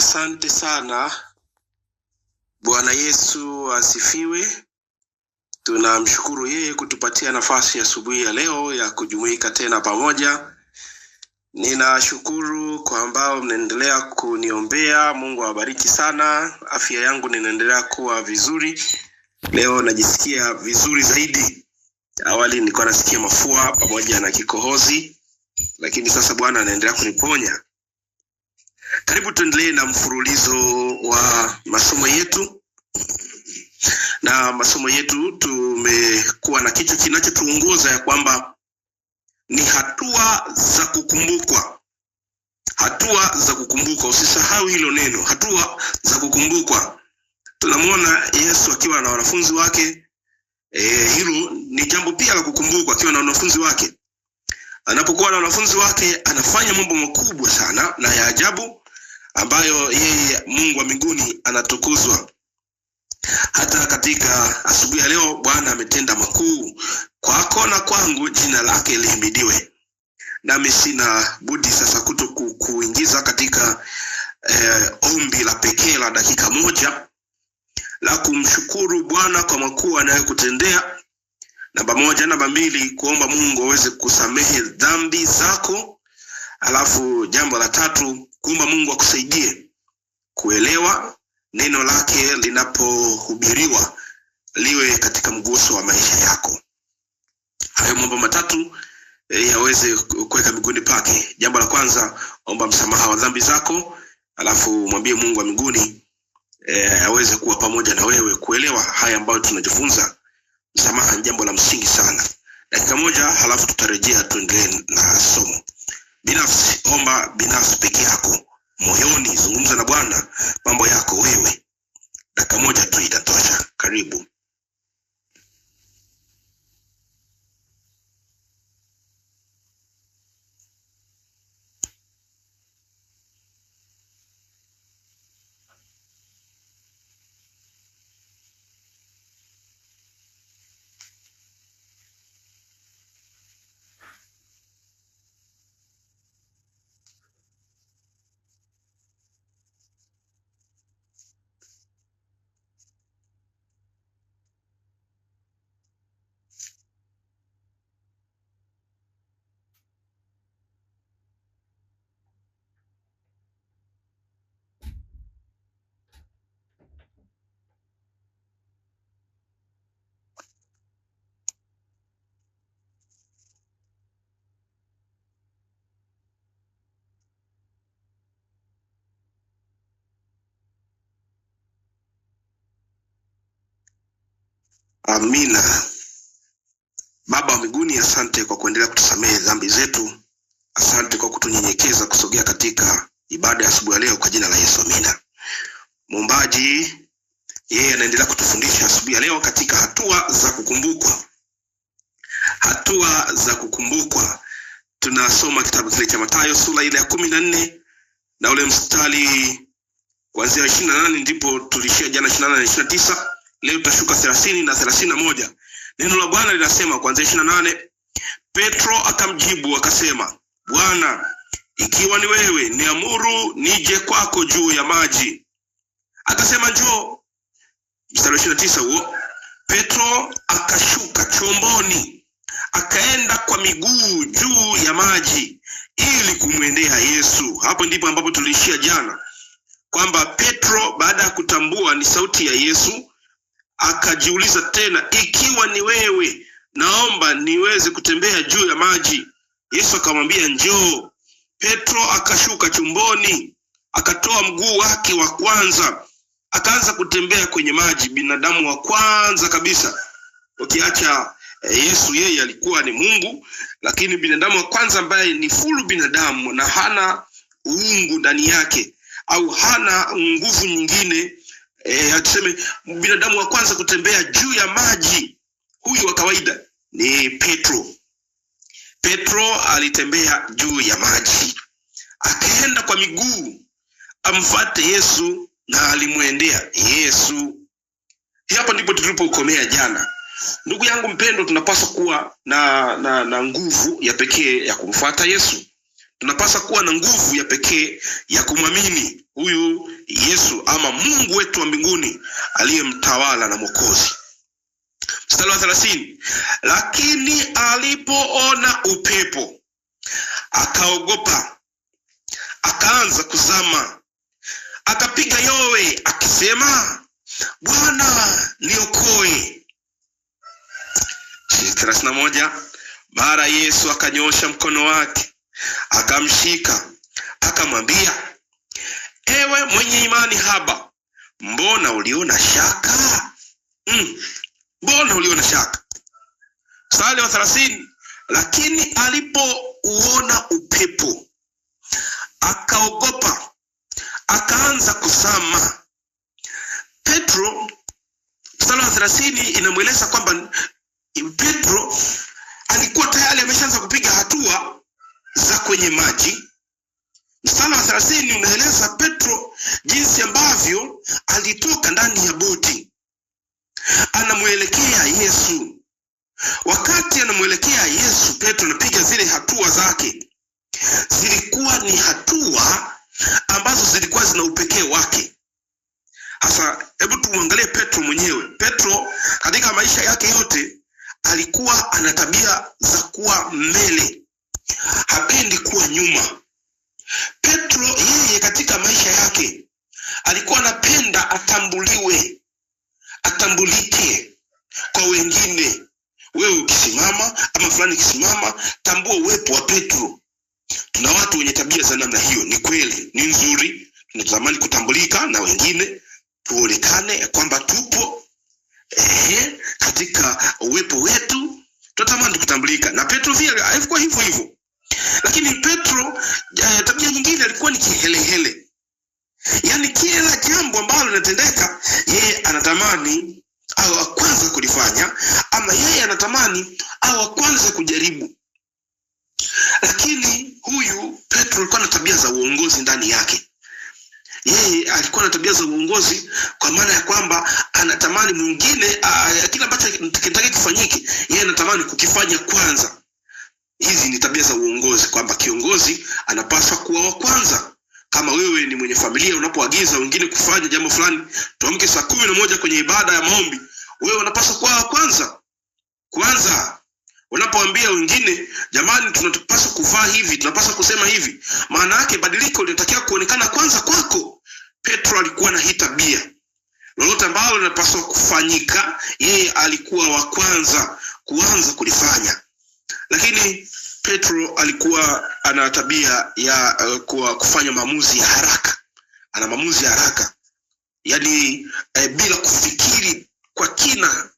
Asante sana. Bwana Yesu asifiwe. Tunamshukuru yeye kutupatia nafasi asubuhi ya, ya leo ya kujumuika tena pamoja. Ninashukuru kwa ambao mnaendelea kuniombea. Mungu awabariki sana. Afya yangu ninaendelea kuwa vizuri. Leo najisikia vizuri zaidi. Awali nilikuwa nasikia mafua pamoja na kikohozi, lakini sasa Bwana anaendelea kuniponya. Karibu tuendelee na mfululizo wa masomo yetu, na masomo yetu tumekuwa na kichwa kinachotuongoza ya kwamba ni hatua za kukumbukwa hatua za kukumbukwa. Usisahau hilo neno, hatua za kukumbukwa. Tunamwona Yesu akiwa na wanafunzi wake. E, hilo ni jambo pia la kukumbukwa. Akiwa na wanafunzi wake, anapokuwa na wanafunzi wake anafanya mambo makubwa sana na ya ajabu, ambayo yeye Mungu wa mbinguni anatukuzwa. Hata katika asubuhi ya leo Bwana ametenda makuu kwako na kwangu, jina lake lihimidiwe. Nami sina budi sasa kuto kuingiza katika eh, ombi la pekee la dakika moja la kumshukuru Bwana kwa makuu anayokutendea. Namba moja. Namba mbili, kuomba Mungu aweze kusamehe dhambi zako. Alafu jambo la tatu kuomba Mungu akusaidie kuelewa neno lake linapohubiriwa liwe katika mguso wa maisha yako. Hayo mambo matatu e, yaweze kuweka miguuni pake. Jambo la kwanza, omba msamaha wa dhambi zako, alafu mwambie Mungu wa mbinguni e, aweze kuwa pamoja na wewe kuelewa haya ambayo tunajifunza. Msamaha ni jambo la msingi sana. Dakika moja, halafu tutarejea tuendelee na somo binafsi. Omba binafsi peke yako moyoni, zungumza na Bwana mambo yako wewe. Dakika moja tu itatosha. Karibu. Amina. Baba wa mbinguni, asante kwa kuendelea kutusamehe dhambi zetu, asante kwa kutunyenyekeza kusogea katika ibada ya asubuhi ya leo, kwa jina la Yesu, amina. Mumbaji yeye anaendelea kutufundisha asubuhi ya leo katika hatua za kukumbukwa, hatua za kukumbukwa. Tunasoma kitabu kile cha Mathayo sura ile ya kumi na nne na ule mstari kuanzia ishirini na nane ndipo tulishia jana, ishirini na nane na ishirini na tisa leo tutashuka thelathini na thelathini na moja neno la bwana linasema kuanzia na nane petro akamjibu akasema bwana ikiwa ni wewe niamuru nije kwako juu ya maji akasema njoo mstari wa tisa huo petro akashuka chomboni akaenda kwa miguu juu ya maji ili kumwendea yesu hapo ndipo ambapo tuliishia jana kwamba petro baada ya kutambua ni sauti ya yesu akajiuliza tena, ikiwa ni wewe, naomba niweze kutembea juu ya maji. Yesu akamwambia njoo. Petro akashuka chumboni, akatoa mguu wake wa kwanza, akaanza kutembea kwenye maji, binadamu wa kwanza kabisa. Ukiacha eh, Yesu, yeye alikuwa ni Mungu, lakini binadamu wa kwanza ambaye ni fulu binadamu na hana uungu ndani yake au hana nguvu nyingine e, eh, tuseme binadamu wa kwanza kutembea juu ya maji huyu wa kawaida ni Petro. Petro alitembea juu ya maji akaenda kwa miguu amfate Yesu na alimwendea Yesu. Hapo ndipo tulipokomea jana. Ndugu yangu mpendo, tunapaswa kuwa na, na, na nguvu ya pekee ya kumfuata Yesu. Tunapaswa kuwa na nguvu ya pekee ya kumwamini huyu Yesu ama Mungu wetu wa mbinguni aliyemtawala na Mwokozi. Mstari wa thelathini, lakini alipoona upepo akaogopa, akaanza kuzama, akapiga yowe akisema, Bwana niokoe. thelathini na moja, mara Yesu akanyosha mkono wake akamshika, akamwambia Ewe mwenye imani haba, mbona uliona shaka? Mm, mbona uliona shaka? Mstari wa thelathini, lakini alipouona upepo akaogopa, akaanza kusama Petro, mstari wa thelathini inamweleza kwamba Petro alikuwa tayari ameshaanza kupiga hatua za kwenye maji sana wa thelathini unaeleza Petro jinsi ambavyo alitoka ndani ya boti anamwelekea Yesu. Wakati anamwelekea Yesu, Petro anapiga zile hatua zake, zilikuwa ni hatua ambazo zilikuwa zina upekee wake. Hasa hebu tumwangalie Petro mwenyewe. Petro katika maisha yake yote alikuwa ana tabia za kuwa mbele, hapendi kuwa nyuma. Petro yeye katika maisha yake alikuwa anapenda atambuliwe, atambulike kwa wengine. Wewe ukisimama ama fulani ukisimama, tambua uwepo wa Petro. Tuna watu wenye tabia za namna hiyo, ni kweli, ni nzuri, tunatamani kutambulika na wengine, tuonekane kwamba tupo ehe, katika uwepo wetu tunatamani kutambulika. Na Petro pia alikuwa hivyo hivyo lakini Petro uh, tabia nyingine alikuwa ni kihelehele, yaani kila jambo ambalo linatendeka yeye anatamani au wa kwanza kulifanya, ama yeye anatamani au wa kwanza kujaribu. Lakini huyu Petro alikuwa na tabia za uongozi ndani yake yeye alikuwa na tabia za uongozi kwa maana ya kwamba anatamani mwingine ah, kile ambacho kinataka kifanyike, yeye anatamani kukifanya kwanza hizi ni tabia za uongozi kwamba kiongozi anapaswa kuwa wa kwanza kama wewe ni mwenye familia unapoagiza wengine kufanya jambo fulani tuamke saa kumi na moja kwenye ibada ya maombi wewe unapaswa kuwa wa kwanza kwanza unapoambia wengine jamani tunapaswa kuvaa hivi tunapaswa kusema hivi maana yake badiliko linatakiwa kuonekana kwanza kwako petro alikuwa na hii tabia lolote ambalo linapaswa kufanyika yeye alikuwa wa kwanza kuanza kulifanya lakini petro alikuwa ana tabia ya uh, kufanya maamuzi ya haraka ana maamuzi ya haraka yaani eh, bila kufikiri kwa kina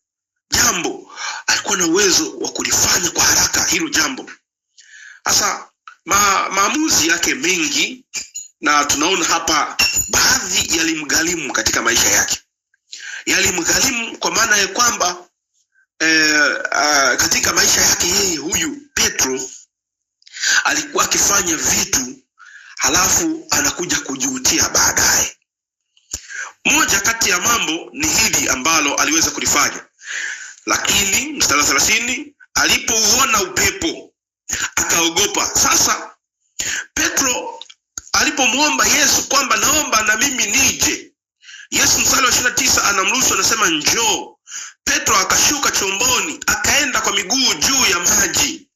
jambo alikuwa na uwezo wa kulifanya kwa haraka hilo jambo sasa ma, maamuzi yake mengi na tunaona hapa baadhi yalimgharimu katika maisha yake yalimgharimu kwa maana ya kwamba eh, a, ah, katika maisha yake yeye huyu Petro alikuwa akifanya vitu halafu anakuja kujutia baadaye. Moja kati ya mambo ni hili ambalo aliweza kulifanya, lakini mstari wa thelathini, alipouona upepo akaogopa. Sasa Petro alipomwomba Yesu kwamba naomba na mimi nije, Yesu mstari wa ishirini na tisa anamruhusu anasema, njoo Petro akashuka chomboni akaenda kwa miguu juu ya maji.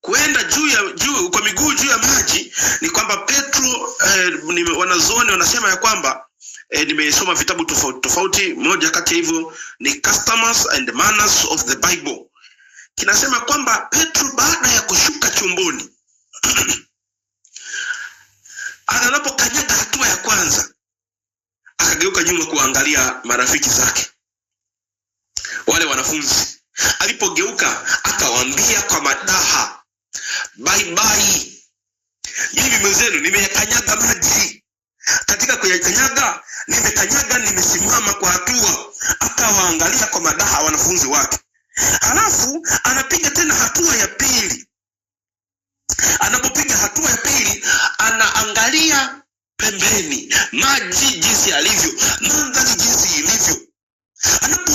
Kuenda juu ya juu kwa miguu juu ya maji ni kwamba Petro eh, wanazuoni wanasema ya kwamba eh, nimesoma vitabu tofauti tofauti, moja kati ya hivyo ni Customs and Manners of the Bible, kinasema kwamba Petro baada ya kushuka chomboni anapokanyaga hatua ya kwanza akageuka nyuma kuangalia marafiki zake wale wanafunzi. Alipogeuka akawaambia kwa madaha, baibai, hivi mwezenu nimeyakanyaga maji. Katika kuyakanyaga nimekanyaga, nimesimama kwa hatua. Akawaangalia kwa madaha wanafunzi wake, halafu anapiga tena hatua ya pili. Anapopiga hatua ya pili, anaangalia pembeni, maji jinsi alivyo mandhari jinsi ilivyo, anapo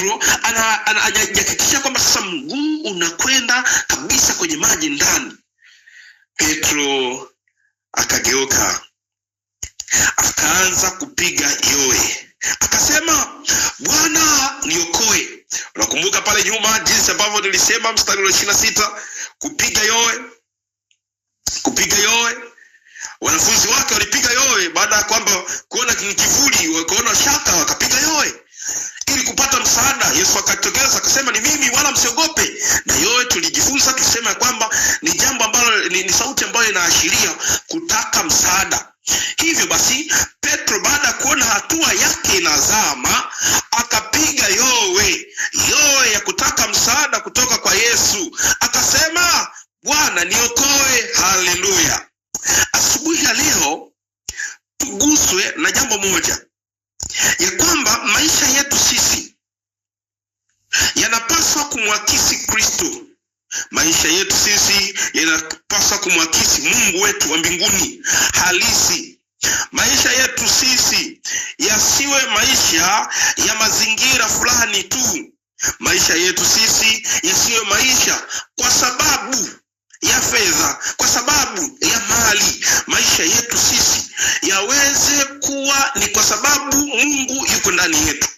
Petro anajihakikishia kwamba sasa mguu unakwenda kabisa kwenye maji ndani. Petro akageuka akaanza kupiga yoe, akasema Bwana niokoe. Unakumbuka pale nyuma jinsi ambavyo nilisema mstari wa ishirini na sita kupiga yoe, kupiga yoe. Wanafunzi wake walipiga yoe baada ya kwamba kuona kivuli, wakaona shaka, wakapiga yoe ili kupata msaada. Yesu akatokeza akasema, ni mimi, wala msiogope. Na yote tulijifunza tusema kwamba ni jambo ambalo ni, ni sauti ambayo inaashiria kutaka msaada. Hivyo basi Petro baada ya kuona hatua yake inazama, akapiga yowe yowe ya kutaka msaada kutoka kwa Yesu, akasema, Bwana niokoe. Haleluya! Asubuhi ya leo tuguswe na jambo moja maisha yetu sisi yanapaswa kumwakisi Kristo. Maisha yetu sisi yanapaswa kumwakisi Mungu wetu wa mbinguni halisi. Maisha yetu sisi yasiwe maisha ya mazingira fulani tu. Maisha yetu sisi yasiwe maisha kwa sababu ya fedha, kwa sababu ya mali. Maisha yetu sisi yaweze kuwa ni kwa sababu Mungu yuko ndani yetu.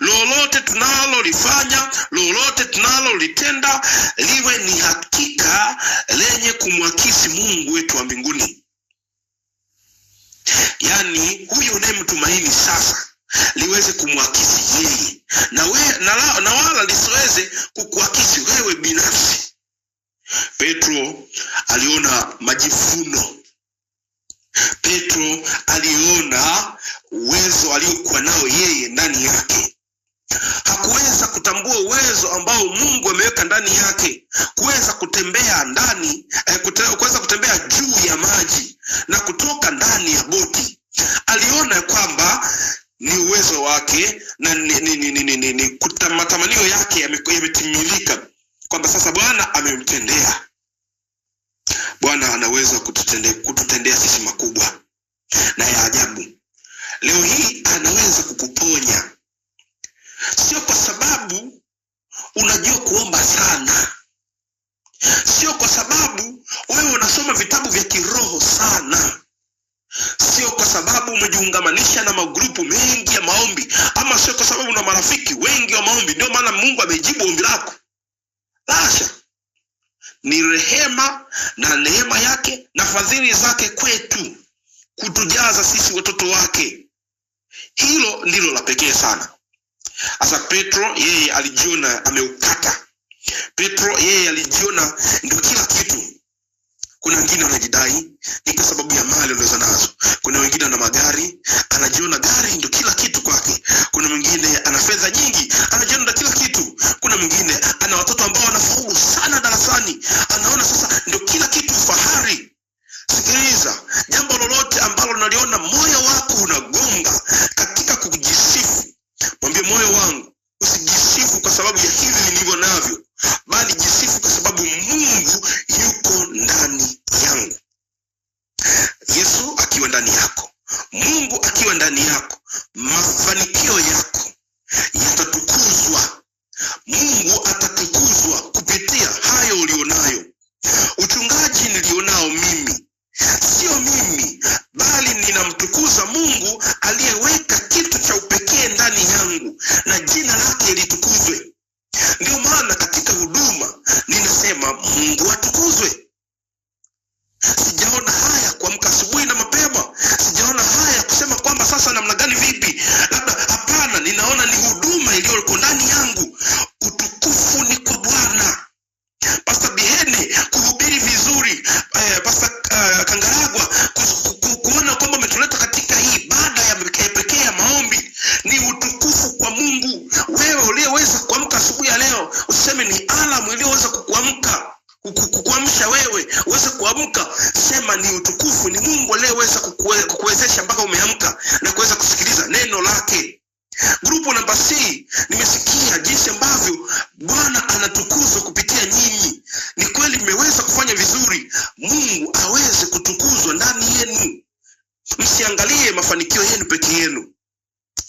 Lolote tunalolifanya, lolote tunalolitenda liwe ni hakika lenye kumwakisi Mungu wetu wa mbinguni, yaani huyu unayemtumaini sasa liweze kumwakisi yeye na, we, na, la, na wala lisiweze kukuakisi wewe binafsi. Petro aliona majifuno Petro aliona uwezo aliokuwa nao yeye ndani yake. Hakuweza kutambua uwezo ambao Mungu ameweka ndani yake, kuweza kutembea ndani eh, kuweza kutembea juu ya maji na kutoka ndani ya boti. Aliona kwamba ni uwezo wake na ni, ni, ni, ni, ni, ni, ni, matamanio yake yametimilika kwamba sasa Bwana amemtendea. Bwana anaweza kututendea, kututendea sisi makubwa na ya ajabu. Leo hii anaweza kukuponya, sio kwa sababu unajua kuomba sana, sio kwa sababu wewe unasoma vitabu vya kiroho sana, sio kwa sababu umejiungamanisha na magrupu mengi ya maombi, ama sio kwa sababu una marafiki wengi wa maombi ndio maana Mungu amejibu ombi lako basi ni rehema na neema yake na fadhili zake kwetu kutujaza sisi watoto wake. Hilo ndilo la pekee sana. Sasa Petro yeye alijiona ameukata. Petro yeye alijiona ndio kila kitu. Kuna wengine wanajidai ni kwa sababu ya mali alizo nazo. Kuna wengine ana magari, anajiona gari ndio kila kitu kwake. Kuna mwingine ana fedha nyingi, anajiona kila kitu. Kuna mwingine unaliona, moyo wako unagonga katika kujisifu. Mwambie moyo wangu, usijisifu kwa sababu ya hivi nilivyo navyo, bali jisifu kwa sababu Mungu yuko ndani yangu. Yesu akiwa ndani yako, Mungu akiwa ndani yako, mafanikio yako yatatukuzwa. Mungu atatukuzwa kupitia hayo ulionayo. Uchungaji nilionao mimi ninamtukuza Mungu aliyeweka kitu cha upekee ndani yangu na jina lake litukuzwe. Ndio maana katika huduma ninasema Mungu atukuzwe. Sijaona haya kuamka asubuhi na mapema, sijaona haya kusema kwamba sasa namna gani, vipi, labda. Hapana, ninaona ni huduma iliyo Pastor bihene kuhubiri vizuri eh, Pastor uh, Kangaragwa kuona kwamba umetuleta katika hii baada ya pekee ya maombi. Ni utukufu kwa Mungu. Wewe uliyeweza kuamka asubuhi ya leo, useme ni alamu iliyoweza kukuamka kukuamsha wewe uweze kuamka, sema ni utukufu, ni Mungu aliyeweza kukuwezesha mpaka umeamka na kuweza kusikiliza neno lake. Grupu namba C, nimesikia jinsi ambavyo Bwana anatukuzwa kupitia nyinyi. Ni kweli mmeweza kufanya vizuri, Mungu aweze kutukuzwa ndani yenu. Msiangalie mafanikio yenu peke yenu.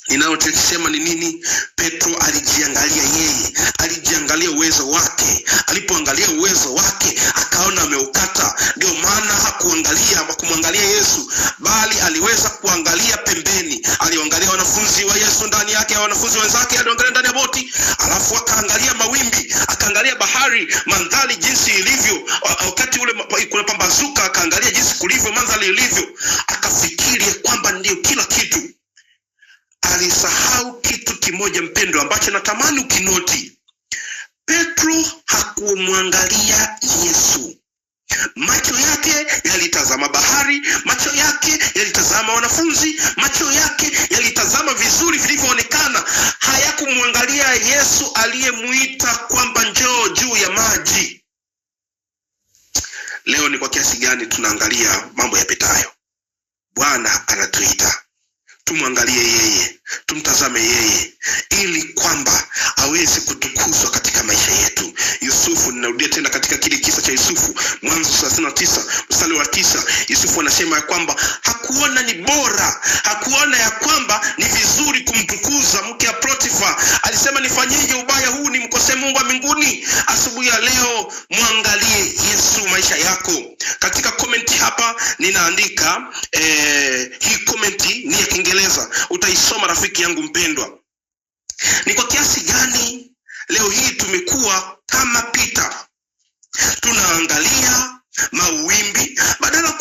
Ninachokisema ni nini? Petro alijiangalia yeye, alijiangalia uwezo wake. Alipoangalia uwezo wake akaona ameukata, ndio maana hakuangalia kumwangalia Yesu, bali aliweza kuangalia pembeni, aliangalia wanafunzi wa ndani yake ya wanafunzi wenzake aliangalia ndani ya boti, alafu akaangalia mawimbi, akaangalia bahari, mandhari jinsi ilivyo wakati ule kuna pambazuka, akaangalia jinsi kulivyo mandhari ilivyo, akafikiri kwamba ndio kila kitu. Alisahau kitu kimoja, mpendo, ambacho natamani ukinoti. Petro hakumwangalia Yesu Macho yake yalitazama bahari, macho yake yalitazama wanafunzi, macho yake yalitazama vizuri vilivyoonekana. Hayakumwangalia Yesu aliyemwita kwamba njoo juu ya maji. Leo ni kwa kiasi gani tunaangalia mambo yapitayo? Bwana anatuita tumwangalie yeye tumtazame yeye ili kwamba aweze kutukuzwa katika maisha yetu yusufu ninarudia tena katika kile kisa cha yusufu mwanzo thelathini na tisa mstari wa tisa yusufu anasema ya kwamba hakuona ni bora hakuona ya kwamba ni vizuri kumtukuza mke ya protifa alisema nifanyeje ubaya huu nimkose mungu wa mbinguni asubuhi ya leo mwangalie yesu maisha yako katika komenti hapa ninaandika eh, hii komenti ni ya kiingereza utaisoma rafiki yangu mpendwa, ni kwa kiasi gani leo hii tumekuwa kama Pita, tunaangalia mawimbi badala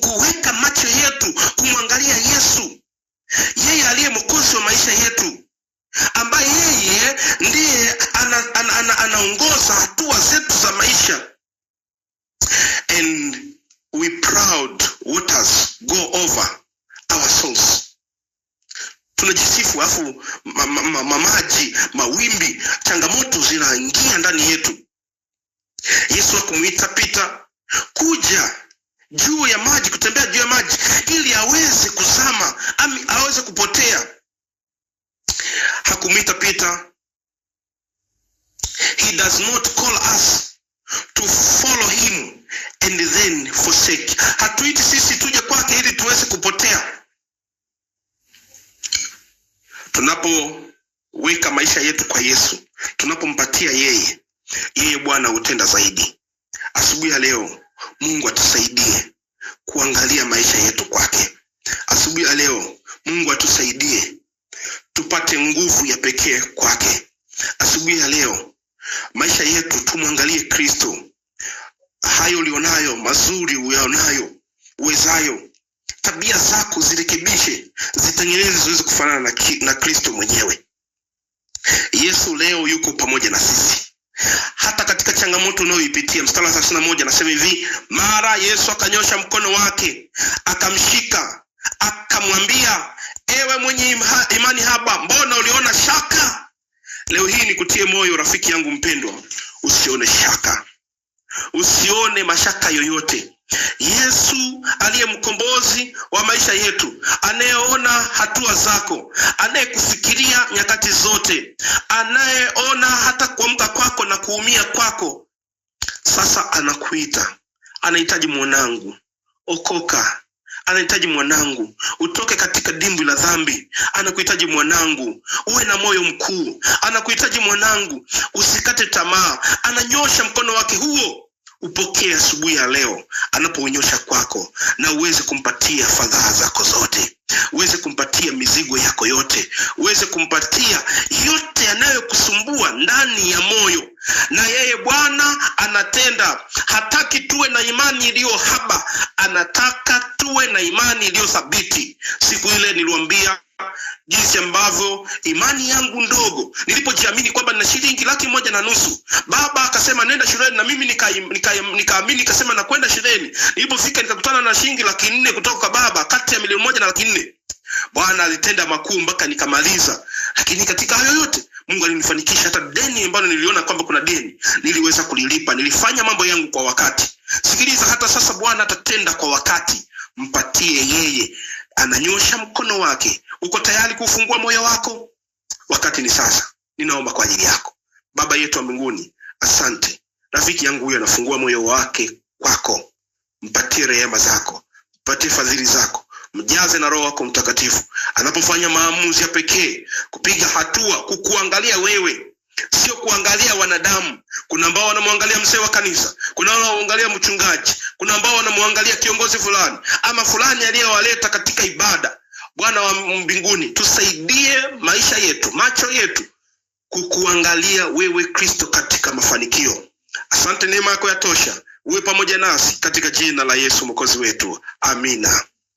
kuweka macho yetu kumwangalia Yesu, yeye aliye mwokozi wa maisha yetu, ambaye yeye ndiye ana, ana, ana, anaongoza hatua zetu za maisha and we proud waters go over our souls tunajisifu, afu mamaji ma, ma, ma, mawimbi, changamoto zinaingia ndani yetu. Yesu akumuita Pita kuja juu ya maji, kutembea juu ya maji ili aweze kuzama ami aweze kupotea. Hakumwita Pita. He does not call us to follow him and then forsake. Hatuiti sisi tuje kwake ili tuweze kupotea tunapoweka maisha yetu kwa Yesu, tunapompatia yeye, yeye Bwana hutenda zaidi. Asubuhi ya leo Mungu atusaidie kuangalia maisha yetu kwake. Asubuhi ya leo Mungu atusaidie tupate nguvu ya pekee kwake. Asubuhi ya leo maisha yetu tumwangalie Kristo. Hayo ulionayo mazuri, uyaonayo, uwezayo tabia zako zirekebishe, zitengeneze ziweze kufanana na, na Kristo mwenyewe. Yesu leo yuko pamoja na sisi hata katika changamoto unayoipitia. Mstari wa thelathini na moja anasema hivi, mara Yesu akanyosha mkono wake akamshika, akamwambia, ewe mwenye imha, imani haba, mbona uliona shaka? Leo hii ni kutie moyo rafiki yangu mpendwa, usione shaka, usione mashaka yoyote Yesu aliye mkombozi wa maisha yetu, anayeona hatua zako, anayekufikiria nyakati zote, anayeona hata kuamka kwako na kuumia kwako, sasa anakuita, anahitaji mwanangu, okoka anahitaji mwanangu, utoke katika dimbwi la dhambi. Anakuhitaji mwanangu, uwe na moyo mkuu. Anakuhitaji mwanangu, usikate tamaa. Ananyosha mkono wake huo upokee asubuhi ya leo anapoonyosha kwako na uweze kumpatia fadhaa zako zote uweze kumpatia mizigo yako yote uweze kumpatia yote yanayokusumbua ndani ya moyo na yeye Bwana anatenda. Hataki tuwe na imani iliyo haba, anataka tuwe na imani iliyo thabiti. Siku ile niliwambia jinsi ambavyo imani yangu ndogo nilipojiamini kwamba nina shilingi laki moja na nusu. Baba akasema nenda shuleni, na mimi nikaamini nika, nika, nikasema nakwenda shuleni. Nilipofika nikakutana na shilingi laki nne kutoka kwa baba, kati ya milioni moja na laki nne. Bwana alitenda makuu mpaka nikamaliza, lakini katika hayo yote Mungu alinifanikisha. Hata deni ambalo niliona kwamba kuna deni niliweza kulilipa, nilifanya mambo yangu kwa wakati. Sikiliza, hata sasa Bwana atatenda kwa wakati. Mpatie yeye, ananyosha mkono wake. Uko tayari kufungua moyo wako? Wakati ni sasa. Ninaomba kwa ajili yako. Baba yetu wa mbinguni, asante. Rafiki yangu huyo anafungua moyo wake kwako, mpatie rehema zako, mpatie fadhili zako, mjaze na Roho wako Mtakatifu anapofanya maamuzi ya pekee kupiga hatua, kukuangalia wewe, sio kuangalia wanadamu. Kuna ambao wanamwangalia mzee wa kanisa, kuna wanaoangalia mchungaji, kuna ambao wanamwangalia kiongozi fulani ama fulani aliyowaleta katika ibada. Bwana wa mbinguni, tusaidie maisha yetu, macho yetu kukuangalia wewe Kristo katika mafanikio. Asante, neema yako yatosha. Uwe pamoja nasi katika jina la Yesu mwokozi wetu, amina.